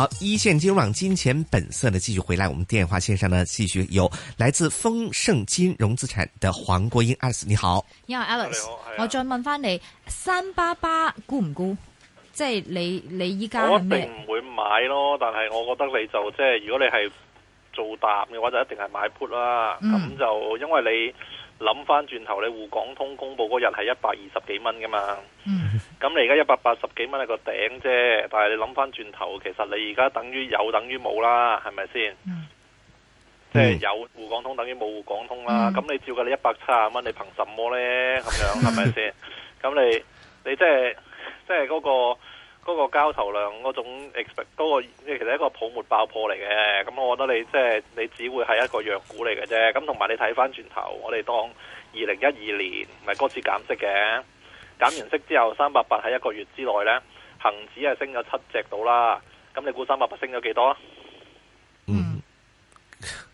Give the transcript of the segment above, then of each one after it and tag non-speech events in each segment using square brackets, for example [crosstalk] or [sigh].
好，一線金融網金錢本色呢，繼續回來，我們電話線上呢，繼續有來自豐盛金融資產的黃國英，Alice 你好，因為 Yeah , Alice，你好、啊、我再問翻你，三八八沽唔沽？即係你你依家我一定唔會買咯，但係我覺得你就即係如果你係做淡嘅話，就一定係買 put 啦，咁、嗯、就因為你。諗翻轉頭，你滬港通公布嗰日係一百二十幾蚊噶嘛？嗯，咁你而家一百八十幾蚊係個頂啫，但係你諗翻轉頭，其實你而家等於有等於冇啦，係咪先？即係、嗯、有滬港通等於冇滬港通啦。咁、嗯、你照計你一百七十蚊，你憑什麼呢？咁樣係咪先？咁 [laughs] 你你即係即係嗰個。嗰個交投量嗰種 expect，嗰、嗰個即係其實一個泡沫爆破嚟嘅，咁我覺得你即係、即係、你只會係一個弱股嚟嘅啫。咁同埋你睇返轉頭，我哋當二零一二年唔係嗰次減息嘅，減完息之後三百八喺一個月之內呢，恒指係升咗七隻度啦。咁你估三百八升咗幾多啊？嗯，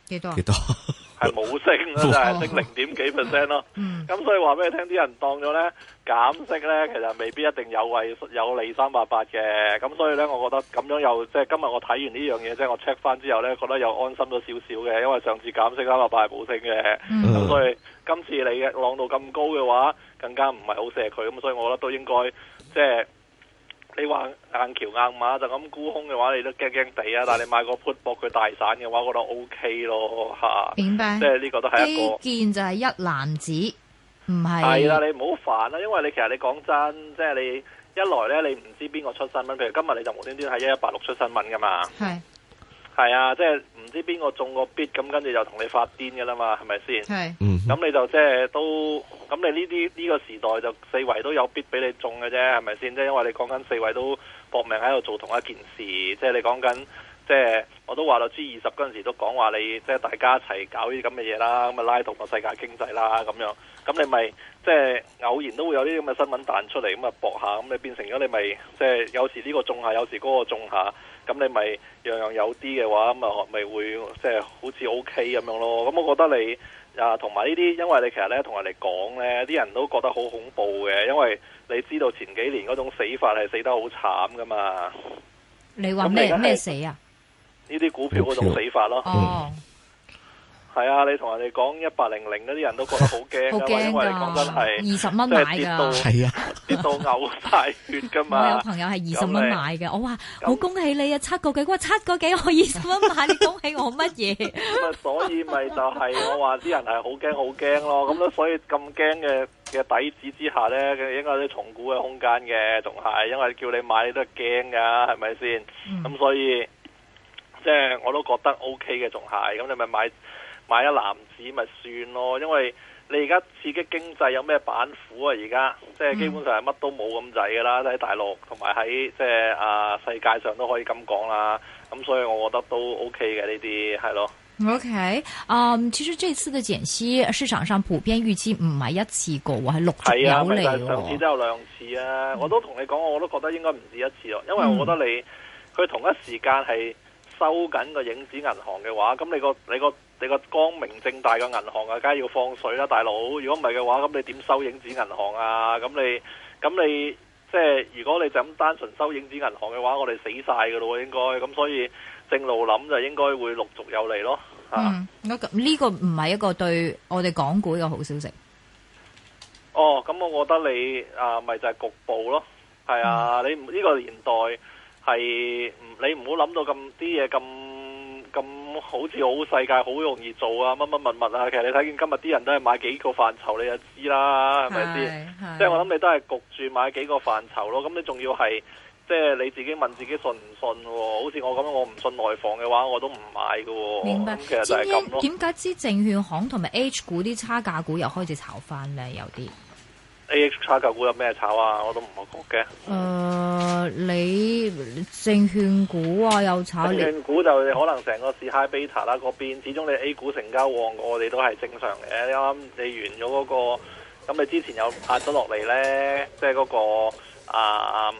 幾多？幾多？係冇升，即係升零點幾 percent 咯。咁所以話俾你聽，啲人當咗呢減息呢，其實未必一定有位有利三百八嘅。咁所以呢，我覺得咁樣又即係今日我睇完呢樣嘢，即係我 check 翻之後呢，覺得又安心咗少少嘅。因為上次減息三百八係冇升嘅，咁、嗯、所以今次你嘅浪度咁高嘅話，更加唔係好錫佢。咁所以我覺得都應該即係。你話硬橋硬馬就咁沽空嘅話，你都驚驚地啊！但係你買個 put 博佢大散嘅話，我覺得 OK 咯嚇。啊、明白，即係呢個都係一個。基建就係一籃子，唔係。係啦，你唔好煩啦，因為你其實你講真，即係你一來咧，你唔知邊個出新聞。譬如今日你就無端端喺一一八六出新聞噶嘛。係。係啊，即係唔知邊個中個 bit，咁跟住就同你發癲㗎啦嘛，係咪先？係，嗯哼。咁你就即係都，咁你呢啲呢個時代就四圍都有 bit 俾你中嘅啫，係咪先？即係因為你講緊四圍都搏命喺度做同一件事，即係你講緊，即係我都話啦，G 二十嗰陣時都講話你，即係大家一齊搞呢啲咁嘅嘢啦，咁啊拉動個世界經濟啦，咁樣，咁你咪即係偶然都會有啲咁嘅新聞彈出嚟，咁啊搏下，咁你變成咗你咪即係有時呢個中下，有時嗰個中下。咁你咪樣樣有啲嘅話，咁咪會即係、就是、好似 OK 咁樣咯。咁我覺得你啊同埋呢啲，因為你其實咧同人哋講咧，啲人都覺得好恐怖嘅，因為你知道前幾年嗰種死法係死得好慘㗎嘛。你話咩咩死啊？呢啲股票嗰種死法咯。哦。係啊，你同人哋講一百零零嗰啲人都覺得好驚，我同 [laughs] 你講真係二十蚊買噶，係跌到，啊跌 [laughs] 到嘔晒血噶嘛。我有朋友係二十蚊買嘅，我話好恭喜你啊，七個幾個！我七個幾我二十蚊買，你恭喜我乜嘢 [laughs] [laughs] 所以咪就係我話啲人係好驚，好驚咯。咁樣所以咁驚嘅嘅底子之下呢，佢應該有啲重估嘅空間嘅，仲係因為叫你買你都係驚噶，係咪先？咁、嗯、所以即係、就是、我都覺得 O K 嘅，仲係咁你咪買。買一籃子咪算咯，因為你而家刺激經濟有咩板斧啊？而家即係基本上係乜都冇咁滯噶啦，喺大陸同埋喺即係啊世界上都可以咁講啦。咁、嗯、所以我覺得都 OK 嘅呢啲係咯。OK，啊、嗯，其實這次嘅減息，市場上普遍預期唔係一次過，係六次有嚟喎。上次都有兩次啊，我都同你講，我都覺得應該唔止一次咯，因為我覺得你佢、嗯、同一時間係收緊個影子銀行嘅話，咁你個你個。你個你個光明正大嘅銀行啊，梗係要放水啦，大佬！如果唔係嘅話，咁你點收影子銀行啊？咁你咁你即係如果你就咁單純收影子銀行嘅話，我哋死晒噶咯，應該咁所以正路諗就應該會陸續有嚟咯，吓。嗯，咁呢個唔係一個對我哋港股嘅好消息。哦，咁我覺得你啊，咪就係局部咯，係啊，你呢個年代係你唔好諗到咁啲嘢咁。咁好似好世界好容易做啊，乜乜物物啊，其實你睇見今日啲人都係買，買幾個範疇，你就知啦，係咪先？即係我諗你都係焗住買幾個範疇咯。咁你仲要係即係你自己問自己信唔信喎？好似我咁樣，我唔信內房嘅話，我都唔買㗎喎。明白。其實就係咁囉。點解支證券行同埋 H 股啲差價股又開始炒翻咧？有啲。A X 差價股有咩炒啊？我都唔係好覺嘅。誒，uh, 你證券股啊，又炒？證券股就可能成個市 high beta 啦，嗰邊始終你 A 股成交旺過，我哋都係正常嘅。你啱啱你完咗嗰個，咁你之前又壓咗落嚟，咧即係嗰個啊，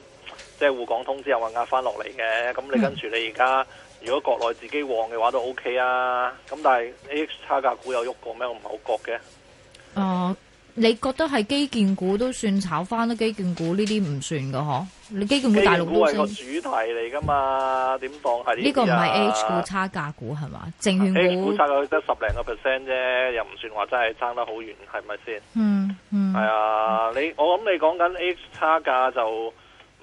即係滬港通之後又壓翻落嚟嘅。咁你跟住你而家、嗯、如果國內自己旺嘅話都 OK 啊。咁但係 A X 差價股有喐過咩？我唔係好覺嘅。誒。Uh, 你覺得係基建股都算炒翻啦？基建股呢啲唔算噶嗬，你基建股大陸都股係個主題嚟噶嘛？點當係呢啲呢個唔係 H 股差價股係嘛？證券股,、啊、差價得十零個 percent 啫，又唔算話真係爭得好遠，係咪先？嗯、啊、嗯，係啊，我你我諗你講緊 H 差價就。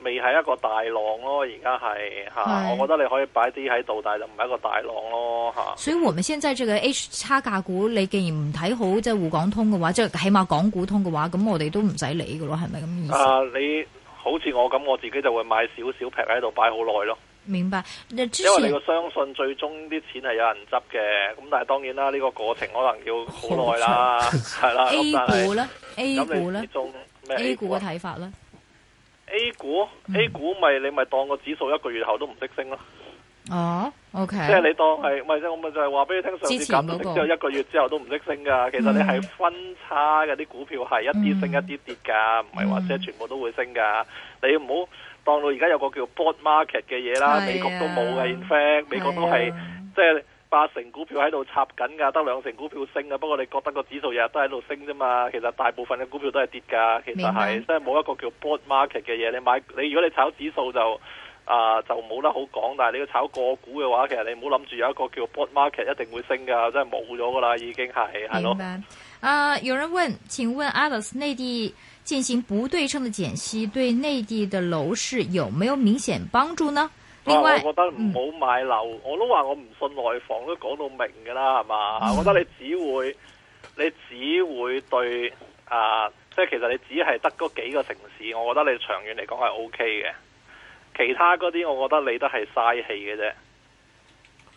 未係一個大浪咯，而家係嚇，啊、是我覺得你可以擺啲喺度，但係就唔係一個大浪咯嚇。所以，我們現在這個 H 差價股，你既然唔睇好即係滬港通嘅話，即係起碼港股通嘅話，咁我哋都唔使理嘅咯，係咪咁意思？啊，你好似我咁，我自己就會買少少撇喺度擺好耐咯。明白。因為你要相信最終啲錢係有人執嘅，咁但係當然啦，呢、呢個過程可能要好耐啦，係啦。A 股咧是，A 股咧，A 股嘅睇法咧。A 股 A 股咪、嗯、你咪當個指數一個月後都唔識升咯哦，即係、啊 okay、你當係唔即我咪就係話俾你聽上次減到息之後一個月之後都唔識升噶。那個、其實你係分差嘅啲股票係一啲升一啲跌噶，唔係話全部都會升噶。嗯、你唔好當到而家有個叫 board market 嘅嘢啦，啊、美國都冇嘅，in fact，是、啊、美國都係即係。就是八成股票喺度插緊㗎，得兩成股票升啊！不過你覺得個指數日日都喺度升啫嘛？其實大部分嘅股票都係跌㗎，其實係即係冇一個叫 bull market 嘅嘢。你買你如果你炒指數就啊、呃、就冇得好講，但係你要炒個股嘅話，其實你唔好諗住有一個叫 bull market 一定會升㗎，真係冇咗㗎啦，已經係係咯。啊、呃！有人問：請問 Alice，內地進行不對稱嘅減息，對內地嘅樓市有冇有明顯幫助呢？我，我覺得唔好買樓，嗯、我都話我唔信內房都講到明㗎啦，係嘛？嗯、我覺得你只會，你只會對啊、呃，即係其實你只係得嗰幾個城市，我覺得你長遠嚟講係 O K 嘅，其他嗰啲我覺得你都係嘥氣嘅啫。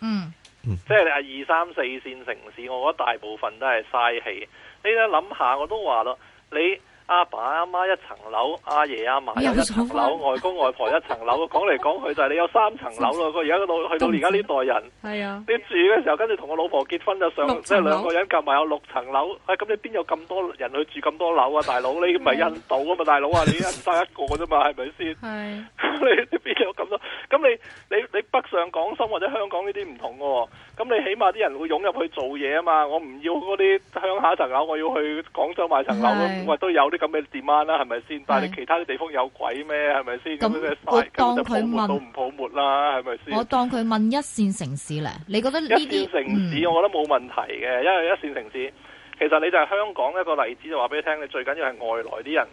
嗯，嗯即係啊二三四線城市，我覺得大部分都係嘥氣。你咧諗下，我都話咯，你。阿爸阿媽一層樓，阿爺阿嫲又一層樓，外公外婆一層樓，講嚟講去就係你有三層樓咯。佢而家嗰度去到而家呢代人，係啊，你住嘅時候，跟住同我老婆結婚就上，即係兩個人夾埋有六層樓。哎，咁你邊有咁多人去住咁多樓啊，大佬？你唔係印度啊嘛，大佬啊，你一生一個啫嘛，係咪先？係你你邊有咁多？咁你你你北上廣深或者香港呢啲唔同嘅，咁你起碼啲人會湧入去做嘢啊嘛。我唔要嗰啲鄉下層樓，我要去廣州買層樓，咁啊都有。咁你點啊？啦，係咪先？但係你其他啲地方有鬼咩？係咪先咁咩？曬咁就泡沫到唔泡沫啦，係咪先？我當佢問，問一線城市咧，你覺得呢啲城市我覺得冇問題嘅。嗯、因為一線城市其實你就係香港一個例子，就話俾你聽，你最緊要係外來啲人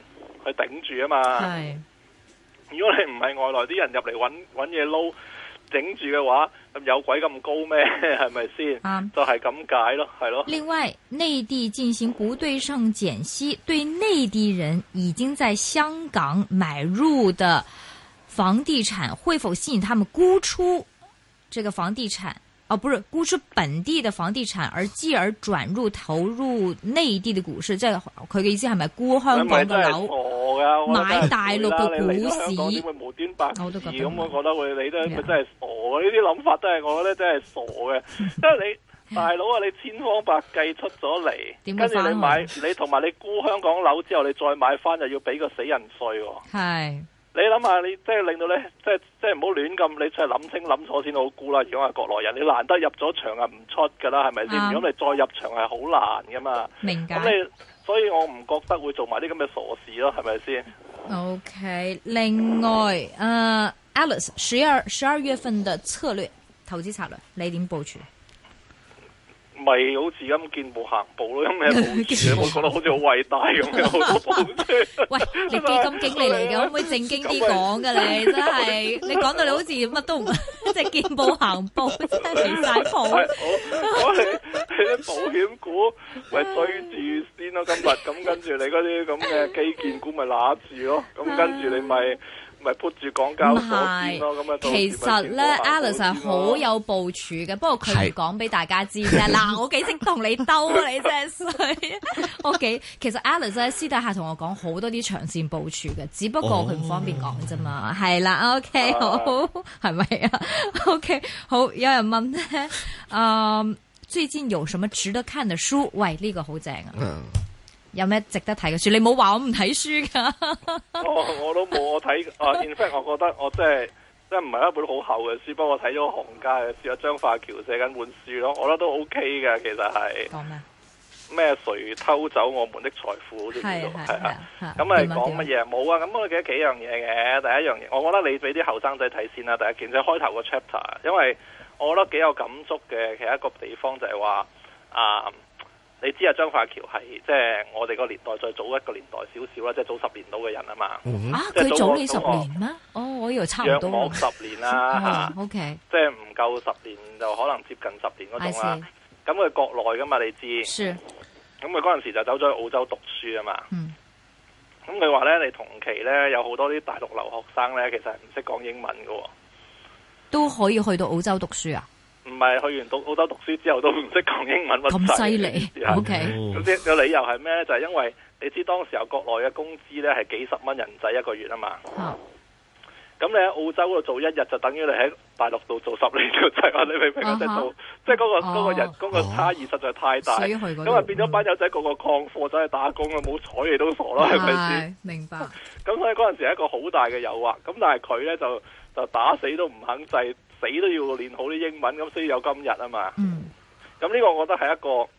去頂住啊嘛。係是，如果你唔係外來啲人入嚟揾嘢撈。整住嘅話，有鬼咁高咩？係 [laughs] 咪先？啊，就係咁解咯，係咯。另外，內地進行不對稱減息，對內地人已經在香港買入的房地產，會否吸引他們沽出這個房地產？哦，不是沽出本地的房地產，而繼而轉入投入內地的股市，即係佢嘅意思係咪沽香港嘅樓，買大陸嘅股市？無端白事咁，我覺得會你都佢真係傻嘅，呢啲諗法都係我覺得真係傻嘅。即係 [laughs] 你大佬啊，你千方百計出咗嚟，點解 [laughs] 你買，你同埋你沽香港樓之後，你再買翻就要俾個死人稅喎，哦。係。 [laughs] 你諗下，你即係令到咧，即係即係唔好亂咁，你出嚟諗清諗楚先好沽啦。如果係國內人，你難得入咗場啊，唔出噶啦，係咪先？如果你再入場係好難噶嘛。明白。咁你，所以我唔覺得會做埋啲咁嘅傻事咯，係咪先？OK，另外，啊，uh，Alice，十二十二月份嘅策略，投資策略你點部署？咪好似咁見步行步咯，咁樣其實我覺得好似好偉大咁樣。好多 [laughs] 喂，你基金經理嚟嘅，以可唔可以正經啲講㗎？你真係你講到你好似乜都唔，即係 [laughs] [laughs] 見步行步，真係離晒譜。我我啲保險股喂， [laughs] [laughs] 追住先咯，今日咁跟住你嗰啲咁嘅基建股咪攞住咯，咁跟住你咪。 [laughs] [laughs] 唔係，其實咧，Alice 係好有部署嘅，是不過佢唔講俾大家知啫。嗱， [laughs] 我幾識同你兜鬥，啊，你真係衰。O、okay, K，其實 Alice 喺私底下同我講好多啲長線部署嘅，只不過佢唔方便講啫嘛。係啦，O K，好，係咪啊？O、okay, K，好。有人問咧，嗯，最近有什麼值得看的書？喂，呢、這個好正啊。嗯有咩值得睇嘅書？你冇話我唔睇書噶。 [laughs] 我都冇，我睇。啊，in fact，我覺得我即係即係唔係一本好厚嘅書，不過我睇咗行家嘅書啊，張化橋寫緊本書咯，我覺得都 OK 嘅，其實係。講咩？咩？誰偷走我們的財富？好似是知道。係啊的。咁係講乜嘢？冇啊。咁麼我記得幾樣嘢嘅。第一樣嘢，我覺得你俾啲後生仔睇先啦。第一件即係開頭個 chapter，因為我覺得幾有感觸嘅。其中一個地方就係話啊。你知啊，張化橋係即係我哋個年代最早一個年代少少啦，即係早十年到嘅人啊嘛。啊、嗯，佢早幾十年咩？哦，我以為差唔多。十年啦、啊，嚇、 [laughs] 哦。O okay K，即係唔夠十年就可能接近十年嗰種啦、啊。咁佢 I see. 國內噶嘛，你知。咁佢嗰陣時就走咗去澳洲讀書啊嘛。咁佢話咧，你同期咧有好多啲大陸留學生咧，其實係唔識講英文㗎喎。都可以去到澳洲讀書啊？唔係去完讀澳洲讀書之後都唔識講英文乜柒咁犀利，O K。總之個理由係咩呢？就係因為你知當時候國內嘅工資呢係幾十蚊人仔一個月啊嘛。咁你喺澳洲度做一日就等於你喺大陸度做十年。就係話你明唔明啊？即係即係嗰個個人工嘅差異實在太大，咁啊變咗班友仔個個曠課走去打工啊，冇彩你都傻啦，係咪先？明白。咁所以嗰陣時係一個好大嘅誘惑。咁但係佢呢，就就打死都唔肯制。死都要練好啲英文，咁所以有今日啊嘛。嗯，咁呢個我覺得係一個，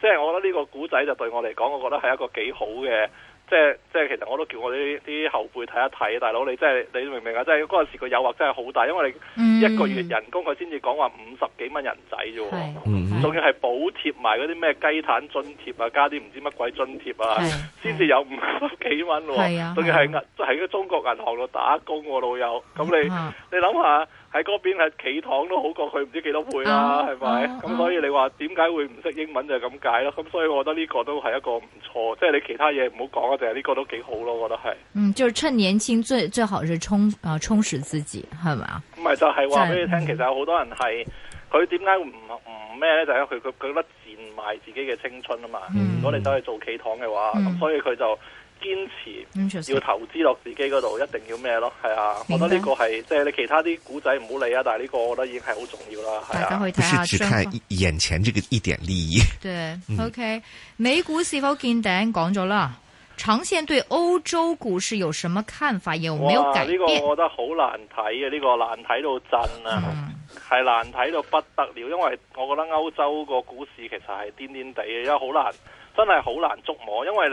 即係我覺得呢個古仔就對我嚟講，我覺得係一個幾好嘅，即係即係其實我都叫我啲啲後輩睇一睇。大佬，你真係你明唔明啊？即係嗰陣時個誘惑真係好大，因為你一個月人工佢先至講話五十幾蚊人仔啫。嗯仲要係補貼埋嗰啲咩雞蛋津貼啊，加啲唔知乜鬼津貼啊，先至有五十幾蚊喎。仲、啊、要係喺個中國銀行度打工喎、啊，老友。咁、啊、你、啊、你諗下喺嗰邊係企堂都好過佢唔知幾多倍啦，係咪？咁所以你話點解會唔識英文就係咁解咯。咁所以我覺得呢個都係一個唔錯，即、就、係、是、你其他嘢唔好講啊，就係呢個都幾好咯、啊，我覺得係。嗯，就是、趁年輕最最好是充啊，充實自己係咪？唔係就係話俾你聽，嗯、其實有好多人係。佢點解唔唔咩咧？就係因為佢佢佢覺得賤賣自己嘅青春啊嘛！嗯、如果你走去做企堂嘅話，咁、嗯、所以佢就堅持要投資落自己嗰度，一定要咩咯？係啊，嗯、我覺得呢個係即係你其他啲古仔唔好理啊，但係呢個我覺得已經係好重要啦，係啊，顧視眼前呢個一點利益。對、嗯、OK，美股是否見頂講咗啦？長線對歐洲股市有什麼看法？有冇改變？哇，呢、這個我覺得好難睇啊，呢、這個難睇到震啊，係、嗯、難睇到不得了。因為我覺得歐洲個股市其實係癲癲地，因為好難，真係好難捉摸。因為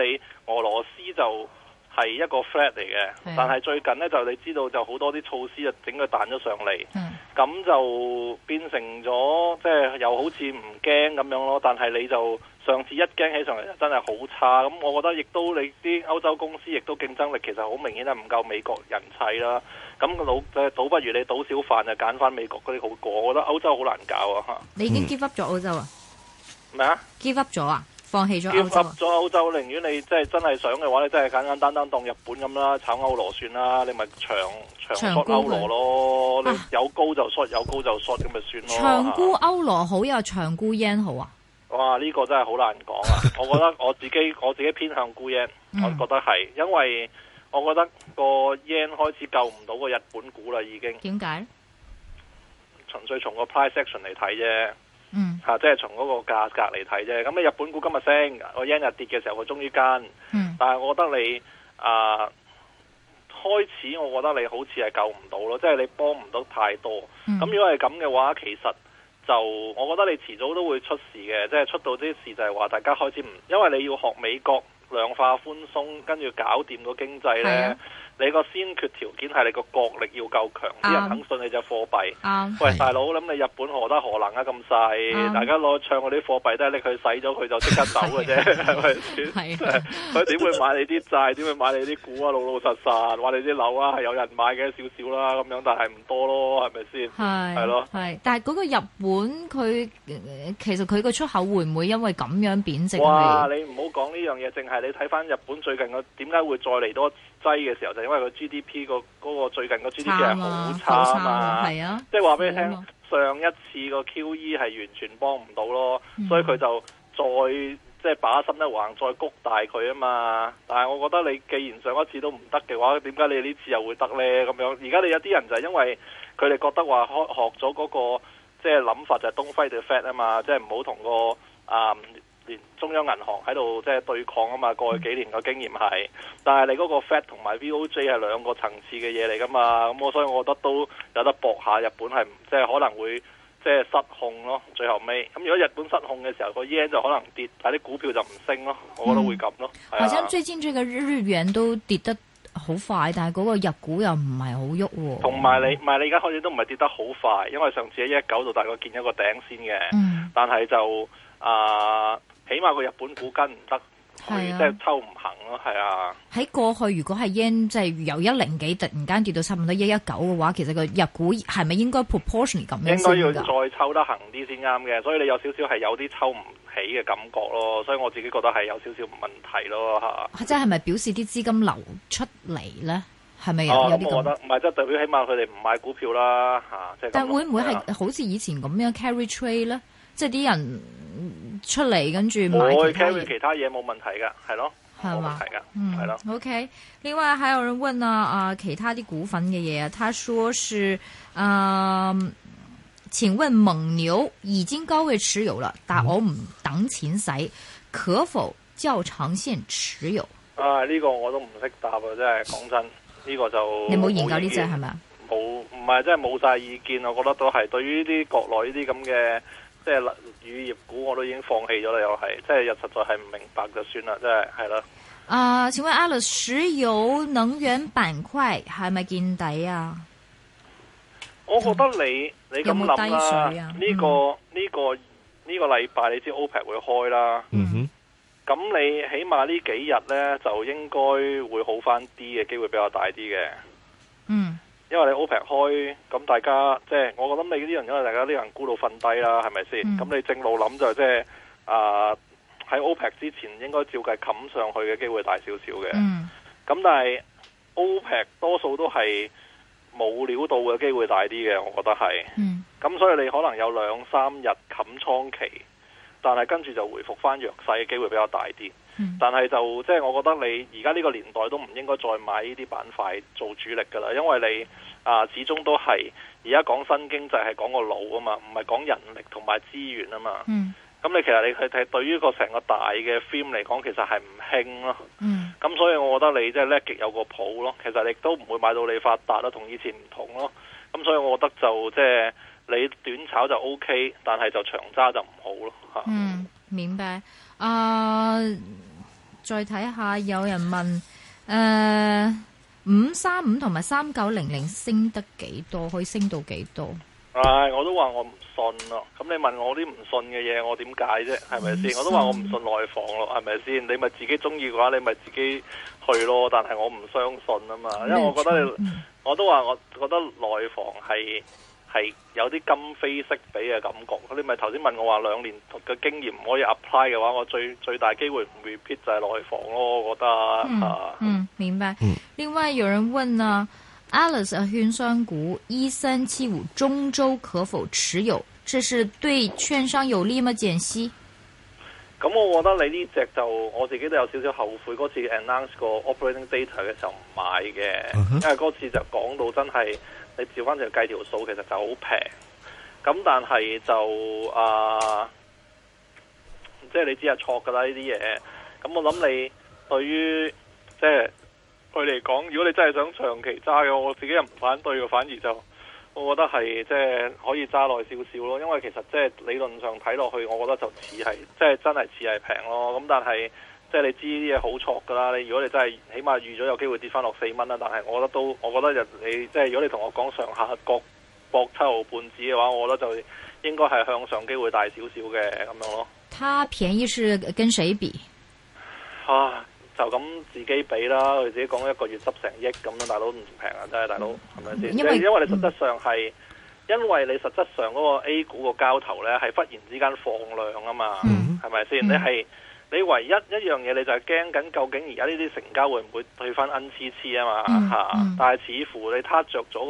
你俄羅斯就。係一個 flat 嚟嘅。是啊、但係最近呢，就你知道就好多啲措施啊，整佢彈咗上嚟，咁就變成咗即係又好似唔驚咁樣咯。但係你就上次一驚起上嚟真係好差。咁我覺得亦都你啲歐洲公司亦都競爭力其實好明顯係唔夠美國人砌啦。咁賭誒倒不如你倒小販就揀翻美國嗰啲好過。我覺得歐洲好難搞啊吓。你已經 give up 咗歐、嗯、洲啊？咩啊？give up 咗啊？放棄咗歐洲，叫實咗歐洲，寧願你即係真係想嘅話，你真係簡簡單單單當日本咁啦，炒歐羅算啦，你咪長長沽歐羅咯，啊、你有高就 short，有高就 short 咁咪算咯。長沽歐羅好、啊、又長沽 yen 好啊？哇，呢、這個真係好難講啊！ [laughs] 我覺得我自己我自己偏向沽 yen，、嗯、我覺得係，因為我覺得個 yen 開始救唔到個日本股啦，已經。點解？純粹從個 price section 嚟睇啫。嗯，嚇，啊，即係從嗰個價格嚟睇啫。咁你日本股今日升，我一日跌嘅時候我，我終於跟。嗯。但係我覺得你啊，開始我覺得你好似係救唔到咯，即係你幫唔到太多。咁。嗯。如果係咁嘅話，其實就我覺得你遲早都會出事嘅，即係出到啲事就係話大家開始唔，因為你要學美國量化寬鬆，跟住搞掂個經濟咧。嗯嗯嗯你個先決條件係你個國力要夠強，啲，人肯信你隻貨幣。啊、喂，大佬、啊，諗你日本何德何能啊？咁細，啊、大家攞唱我啲貨幣都係拎佢洗咗佢就即刻走嘅啫，係咪佢點會買你啲債？點 [laughs] 會買你啲股啊？老老實實，話你啲樓啊，係有人買嘅少少啦，咁樣，但係唔多咯，係咪先？係咯，係。但係嗰個日本佢其實佢個出口會唔會因為咁樣貶值？哇！你唔好講呢樣嘢，淨係你睇翻日本最近個點解會再嚟多擠嘅時候就因為、嗰個 GDP 個嗰最近個 GDP 係好差，嘛差，嘛差嘛啊，即係話俾你聽，嘛上一次個 QE 係完全幫唔到咯，所以佢就再即係把心一橫再谷大佢啊嘛。但係我覺得你既然上一次都唔得嘅話，點解你呢次又會得呢？咁樣而家你有啲人就係因為佢哋覺得話開學咗嗰、嗰個即係諗法就係 Don't fight the Fed 啊嘛，即係唔好同個嗯。中央銀行喺度即係對抗啊嘛，過去幾年嘅經驗係，但係你嗰個 Fed 同埋 V O J 係兩個層次嘅嘢嚟噶嘛，咁、嗯、我所以我覺得都有得搏下。日本係即係可能會即係失控咯，最後尾咁。如果日本失控嘅時候，個 yen 就可能跌，但係啲股票就唔升咯，我覺得會咁咯。或者、嗯啊、最近最近日，日元都跌得好快，但係嗰個入股又唔係好喐。同埋你，唔係你而家開始都唔係跌得好快，因為上次喺一九度大概見一個頂先嘅，嗯、但係就啊。呃起碼個日本股跟唔得，即係抽唔行咯，係啊。喺、啊、過去如果係 yen 即係由一零幾突然間跌到差唔多一一九嘅話，其實個日股係咪應該 proportionally 咁樣先噶？應該要再抽得行啲先啱嘅，所以你有少少係有啲抽唔起嘅感覺咯，所以我自己覺得係有少少問題咯吓、啊。即係係咪表示啲資金流出嚟咧？係咪有啲啲、哦嗯、覺得？唔係即係代表起碼佢哋唔買股票啦吓。啊就是、但會唔會係、啊、好似以前咁樣 carry trade 咧？即係啲人。出嚟跟住買其他嘢，其他嘢冇問題噶，係咯，冇嗎問題噶，嗯，係咯。OK，另外還有人問啊啊、呃，其他啲股份嘅嘢，啊，他說是，嗯、呃，請問蒙牛已經高位持有了，但我唔等錢使，嗯、可否較長線持有？啊，呢、呢個我都唔識答啊，真係講真，呢、呢個就沒你冇研究呢隻係咪？冇，唔係，真係冇晒意見。我覺得都係對於呢啲國內呢啲咁嘅。即係乳業股我都已經放棄咗啦，又係即係又實在係唔明白就算啦，即係係啦。啊，請問 Alex，石油能源板塊係咪見底啊？我覺得你你咁諗啦，呢、嗯啊嗯呢個呢個呢個禮拜你知 OPEC 會開啦，嗯哼，咁你起碼呢幾日呢就應該會好翻啲嘅機會比較大啲嘅，嗯。因為你 OPEC 開，咁大家即係我覺得你嗰啲人，因為大家啲人估到瞓低啦，係咪先？咁、mm. 你正路諗就即係啊，喺、呃、OPEC 之前應該照計冚上去嘅機會大少少嘅。咁、mm. 但係 OPEC 多數都係冇料到嘅機會大啲嘅，我覺得係。咁、mm. 所以你可能有兩三日冚倉期，但係跟住就回復翻弱勢嘅機會比較大啲。嗯、但係就即係、就是、我覺得你而家呢個年代都唔應該再買呢啲板塊做主力噶啦，因為你啊始終都係而家講新經濟係講個腦啊嘛，唔係講人力同埋資源啊嘛。咁、嗯、你其實你去睇對於個成個大嘅 theme 嚟講，其實係唔興咯。咁、嗯、所以我覺得你即係叻極有個譜咯，其實你亦都唔會買到你發達啦，同以前唔同咯。咁所以我覺得就即係、就是、你短炒就 OK，但係就長揸就唔好咯。嗯，明白。啊，uh, 再睇下有人問，誒，五三五同埋三九零零升得幾多？可以升到幾多？係、哎，我都話我唔信咯。咁你問我啲唔信嘅嘢，我點解啫？係咪先？我都話我唔信內房咯，係咪先？你咪自己中意嘅話，你咪自己去咯。但係我唔相信啊嘛，因為我覺得，你，我都話我覺得內房係。係有啲今非昔比嘅感覺，你咪頭先問我話兩年嘅經驗唔可以 apply 嘅話，我最最大機會唔會撇就係內房咯，我覺得啊、嗯。嗯，明白。嗯、另外有人問呢、嗯、，Alice 券商股，一三七五中州可否持有？這是對券商有利嗎？簡析。咁我覺得你呢隻就我自己都有少少後悔，嗰次 announce 個 operating data 嘅時候唔買嘅，uh huh. 因為嗰次就講到真係。你照翻，就計條數，其實就好平。咁但係就啊，即係你知係錯噶啦呢啲嘢。咁我諗你對於即係佢嚟講，如果你真係想長期揸嘅，我自己又唔反對嘅，反而就我覺得係即係可以揸耐少少咯。因為其實即係理論上睇落去，我覺得就似係即係真係似係平咯。咁但係。即係你知啲嘢好錯噶啦，你如果你真係起碼預咗有機會跌翻落四蚊啦，但係我覺得都，我覺得就你即係如果你同我講上下各搏七毫半子嘅話，我覺得就應該係向上機會大少少嘅咁樣咯。它便宜是跟誰比？啊，就咁自己比啦，佢自己講一個月執成億咁啦，大佬唔平啊真係，大佬係咪先？因為你實質上係，嗯、因為你實質上嗰個 A 股個交投咧係忽然之間放量啊嘛，係咪先？是是嗯、你係。你唯一一樣嘢，你就係驚緊，究竟而家呢啲成交會唔會退翻奀黐黐啊嘛嚇、嗯嗯、但係似乎你踏着咗、嗰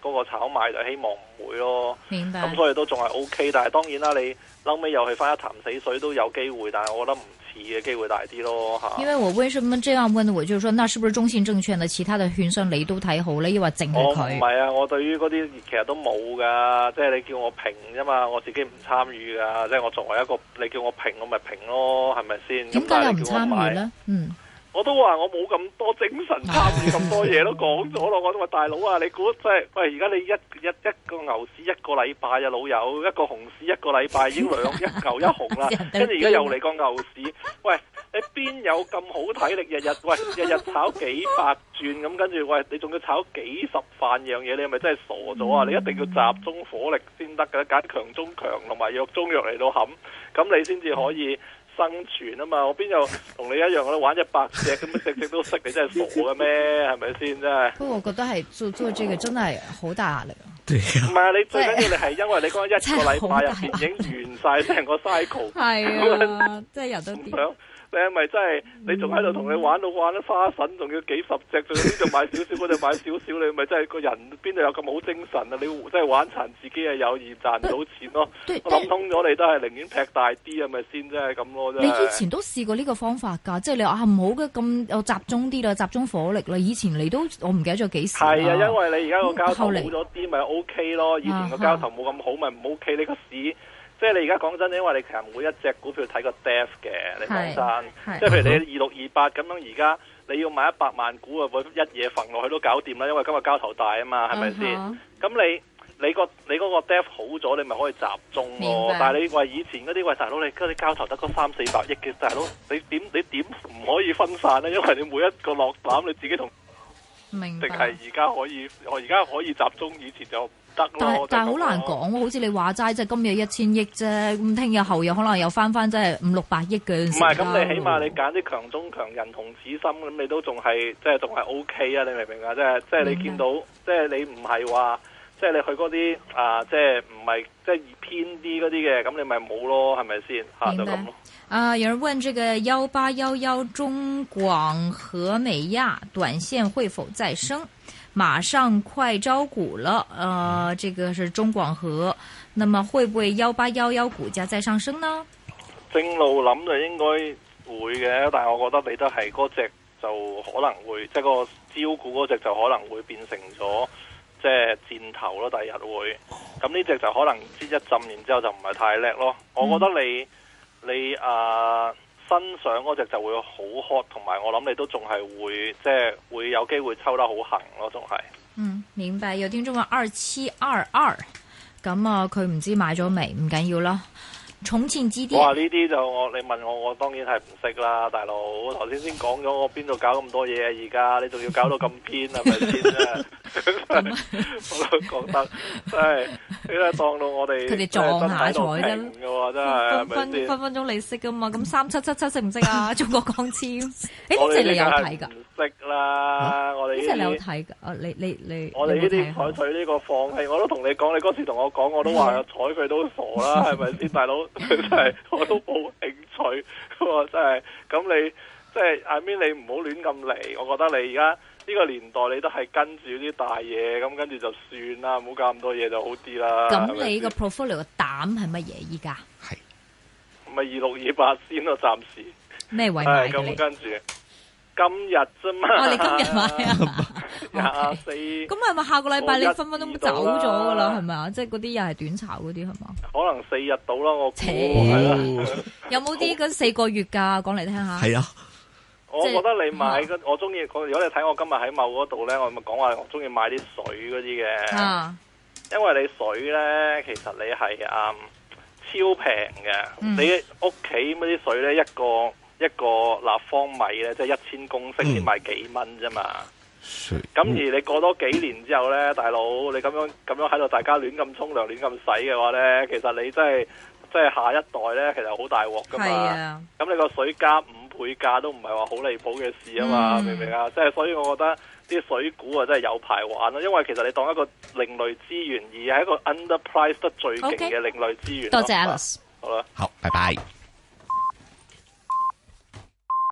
個嗰、嗰個炒賣，就希望唔會咯。明白。咁所以都仲係 OK，但係當然啦，你撈尾又去翻一潭死水都有機會，但係我覺得唔嘅機會大啲咯，嚇。因為我為什麼這樣問呢？我就係說，那是不是中信證券的其他的券商你都睇好呢？亦或淨係佢？唔係啊，我對於嗰啲其實都冇噶，即係你叫我評啫嘛，我自己唔參與噶。即係我作為一個你叫我評，我咪評咯，係咪先？點解又唔參與呢？嗯。我都話我冇咁多精神參與咁多嘢，都講咗咯，我都話大佬啊，你估真係？喂，而家你一一一個牛市一個禮拜啊，老友一個熊市一個禮拜已經兩一牛一熊啦，跟住而家又嚟個牛市， [laughs] 喂，你邊有咁好體力日日喂日日炒幾百轉咁，跟住喂你仲要炒幾十萬樣嘢，你係咪真係傻咗啊？嗯、你一定要集中火力先得噶，揀強中強同埋弱中弱嚟到冚，咁你先至可以。生存啊嘛，我邊有同你一樣，我都玩一百隻咁，隻隻都識你，你真係傻嘅咩？係咪先真啫？ [laughs] 不過我覺得係做做呢個真係好大壓力啊。唔係啊，你最緊要你係因為你嗰一個禮拜入邊已經完晒成個 cycle，係啊，即係由到啲。 [laughs] 樣你咪真係，你仲喺度同你玩到玩得花粉仲要幾十隻，仲呢度買少少，嗰度 [laughs] 買少少，你咪真係個人邊度有咁好精神啊？你真係玩殘自己嘅友誼賺到錢咯，我諗通咗你是都係寧願劈大啲啊，咪先啫咁咯，真係。你以前都試過呢個方法㗎，即係你話啊唔好嘅咁有集中啲啦，集中火力啦。以前你都我唔記得咗幾時啦。係啊，啊因為你而家個交投好咗啲，咪來 OK 咯。以前個交投冇咁好，咪唔、啊啊、OK。你個市。即係你而家講真，因為你其實每一隻股票睇個 def 嘅，你講真，是是即係譬如你二六二八咁樣，而家你要買一百萬股啊，會一嘢馮落去都搞掂啦，因為今日交投大啊嘛，係咪先？咁你你個你嗰個 def 好咗，你咪可以集中咯。明白，但係你話以前嗰啲喂大佬，你嗰啲交投得嗰三四百億嘅大佬，你點你點唔可以分散咧？因為你每一個落膽你自己同，定係而家可以，我而家可以集中，以前就。但係但係好難講，好似你話齋，即係今日一千億啫，咁聽日後日可能又翻翻，即係五六百億嘅時間。唔係，咁你起碼你揀啲強中強、人同紙心，咁，你都仲係即係仲係 OK 啊？你明唔明啊？即係即係你見到，即係白你唔係話，即係即係你去嗰啲啊，即係唔係即係偏啲嗰啲嘅，咁你咪冇咯，係咪先吓白就咁咯。啊、呃，有人問：這個幺八幺幺中廣核美亞短線會否再升？馬上快招股了，誒、呃，這個是中廣核，那麼會不會幺八幺幺股價再上升呢？正路諗就應該會嘅，但係我覺得你都係嗰隻就可能會，即係個招股嗰隻就可能會變成咗即係箭頭咯，第日會。咁呢隻就可能一浸，然之後就唔係太叻咯。我覺得你你誒。呃新上嗰隻就會好 hot，同埋我諗你都仲係會即係會有機會抽得好行咯，仲係。嗯，明白。有聽眾話二七二二，咁、嗯、啊，佢唔知買咗未？唔緊要囉。重錢之啲。哇，呢啲就我你問我，我當然係唔識啦，大佬。剛才才我頭先先講咗我邊度搞咁多嘢，啊，而家你仲要搞到咁偏，係咪先啊？我都覺得真係。你都撞到我哋，佢哋撞下彩啫。真分，分分分鐘你識噶嘛，咁三七七七識唔識啊？中國光纖，誒、 [laughs] 欸，即係我你有睇噶？識啦，啊、我哋即係你有睇？哦、啊，你你你，你我哋呢啲採取呢個放棄、嗯，我都同你講，你嗰時同我講，我都話睬佢都傻啦，係咪先？大佬真係我都冇興趣， [laughs] 嗯、真係。咁你即係，阿 Min？你唔好亂咁嚟，我覺得你而家。呢個年代你都係跟住啲大嘢，咁跟住就算啦，唔好搞咁多嘢就好啲啦。咁你個 portfolio 個膽係乜嘢依家？係咪二六二八先咯？暫時咩位買？咁跟住今日啫嘛？哦，你今日買啊？廿四咁係咪下個禮拜你分分鐘都走咗噶啦？係咪啊？即係嗰啲又係短炒嗰啲係嘛？可能四日到啦，我估有冇啲嗰四個月噶？講嚟聽下。係啊。我覺得你買的、嗯、我中意。如果你睇我今日喺某度呢，我咪講話我中意買啲水嗰啲嘅。嗯、因為你水呢，其實你係啊、嗯、超平嘅。嗯、你屋企嗰啲水呢，一個一個立方米呢，即係一千公升先賣幾蚊啫嘛。咁、嗯、而你過多幾年之後呢，大佬你咁樣咁樣喺度，大家亂咁沖涼、亂咁洗嘅話呢，其實你真係～即係下一代咧，其實好大鑊噶嘛。咁、啊嗯、你個水加五倍價都唔係話好離譜嘅事啊嘛，明唔明啊？即係所以，我覺得啲水股啊，真係有排玩咯。因為其實你當一個另類資源，而係一個 underpriced 得最勁嘅另類資源。多謝 Alex 好啦吧，好，好拜拜。